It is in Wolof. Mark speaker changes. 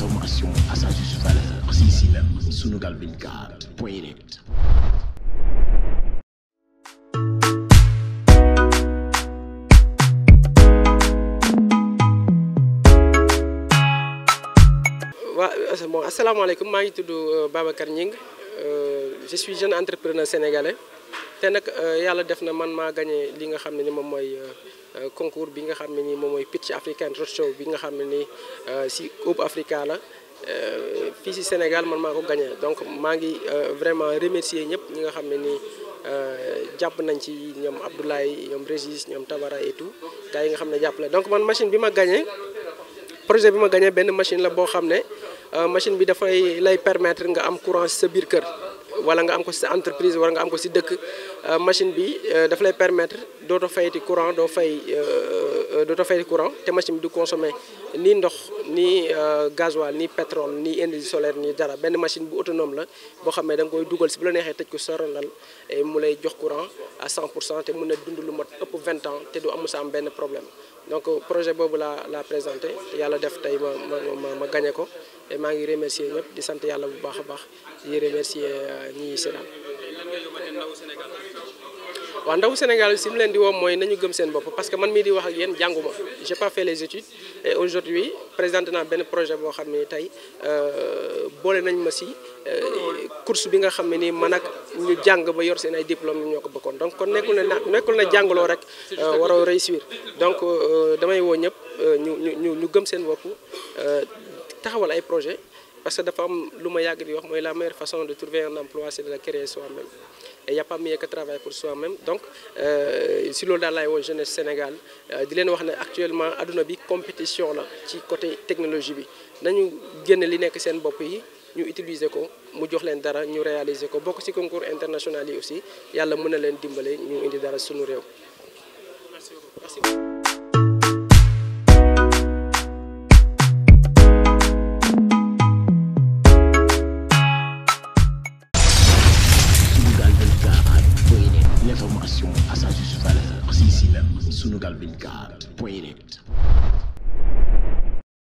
Speaker 1: l'information à sa juste valeur c'est ici même Sunugal 24 point net waaw bon asalaamaaleykum maa ngi tudd euh, Babacar Gningue euh, je suis jeune entrepreneur sénégalais te nag euh, yàlla def na man maa gagné li nga xam ne ni moom mooy euh, concours bi nga xam ne nii moom mooy picc African Roadshow bi nga xam ne nii euh, si Coupe Africa la fii si Sénégal man maa ko gagné donc maa ngi vraiment remercier ñëpp ñi nga xam ne nii jàpp nañ ci ñoom Abdoulaye ñoom Régis ñoom Tabara et tout yi nga xam ne jàpp donc man machine bi ma gagné projet bi ma gañee benn machine la boo xam ne machine bi dafay lay permettre nga am courant sa biir kër. wala nga am ko si sa entreprise wala nga am ko si dëkk euh, machine bi euh, daf lay permettre dootoo fayati courant doo fay. Euh, Euh, dootoo fay courant te machine bi du consommer ni ndox ni euh, gasoil ni pétrole ni énergie solaire ni dara benn machine bu autonome la boo xam ne da koy dugal si bu la neexee tëj ko sa randal mu lay jox courant à 100 pour cent te mun na dund lu mat ëpp 20 ans te du amu sa am benn problème donc euh, projet boobu laa la présenté yàlla def tey ma ma ma gañe ko maa ngi remercier ñëpp di sant yàlla bu baax a baax di remercier ñi seetaan waa ndaw Sénégal si mu leen di woo mooy nañu gëm seen bopp parce que man mii di wax ak yéen jànguma j'ai pas fait les études et aujourd'hui présenté naa benn projet boo xam ne tey euh, boole nañ ma si euh, course bi nga xam ne nii man ak ñu jàng ba yor seen ay diplôme ñu ñoo ko bëggoon donc kon nekkul ne nekkul ne jàngaloo rek euh, waroo réussir donc damay woo ñëpp ñu ñu ñu gëm seen bopp taxawal ay projet parce que dafa am lu ma yàgg di wax mooy la meilleure façon de trouver un emploi c'est de la créer soi et y a pas pour soi-même donc euh, si loolu daal laay woo jeunesse Sénégal euh, di leen wax ne actuellement adduna bi compétition la ci côté technologie bi nañu génn li nekk seen bopp yi ñu utiliser ko mu jox leen dara ñu réaliser ko bokk ci concours international yi aussi yàlla mën na leen dimbale ñu indi dara suñu réew sunugal 24 point net